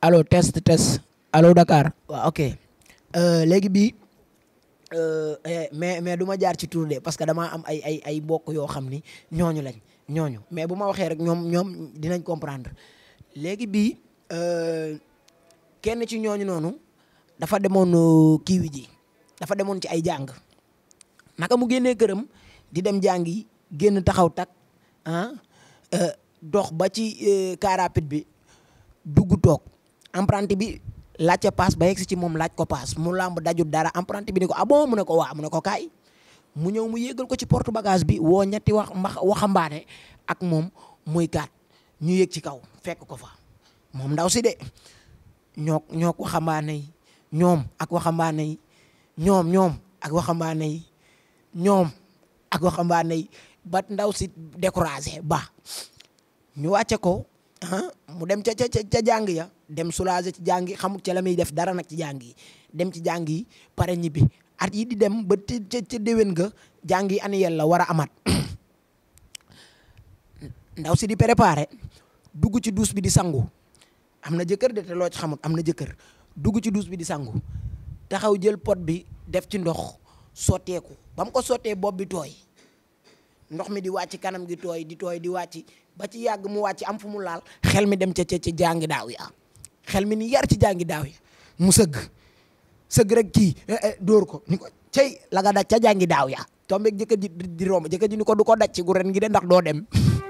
allo test test allo Dakar. waaw ok euh, léegi bi euh, eh, mais mais duma jaar ci tu de parce que damaa am ay ay ay bokk yoo xam ni ñooñu lañ ñooñu mais bu ma waxee rek ñoom ñoom dinañ comprendre léegi bi euh, kenn ci ñooñu noonu dafa demoon kiiwi ji dafa demoon ci ay jàng naka mu génnee këram di dem jàng yi génn taxaw tak ah dox ba ci car rapide bi dugg toog ampranti bi laajte pass ba yexi si ci mom laaj ko pass mu lamb daju dara emprunté bi ni ko abo mu ne ko wa mu ne ko kay mu ñew mu yegal ko ci porte bagage bi wo ñetti wax waxambaane ak mom muy kaat ñu yéeg ci kaw fekk ko fa mom ndaw si de ñok ñok waxambaane yi ñoom ak waxambaane yi ñom ñoom ak waxambaane yi ak waxambaane yi ba ndaw si décourager ba ñu wacce ko mu dem ca ca ca jang ya dem soulager ci jàng yi xamul ca la muy def dara nag ci jàng yi dem ci jàng yi pare ñibbi at yi di dem ba ca ca déwén nga jàng yi annuel la war a amat ndaw si di préparé dugg ci duus bi di sangu am na jëkkër de te loo ci xamul am na jëkkër dugg ci duus bi di sangu taxaw jël pot bi def ci ndox sotteeku ba mu ko sottee bopp bi tooy ndox mi di wàcc kanam gi tooy di tooy di wàcc ba ci yàgg mu wàcc am fu mu laal xel mi dem ca ca ca jàngi daaw ya xel mi ni yar ci jàngi daaw mu sëgg sëgg rek kii eh, eh, dóor ko ni ko cey la nga daj ca jàngi daaw ya tombeeg jëkkër ji di romb jëkkër ji ni ko du ko daj ci gu ren gi de ndax doo dem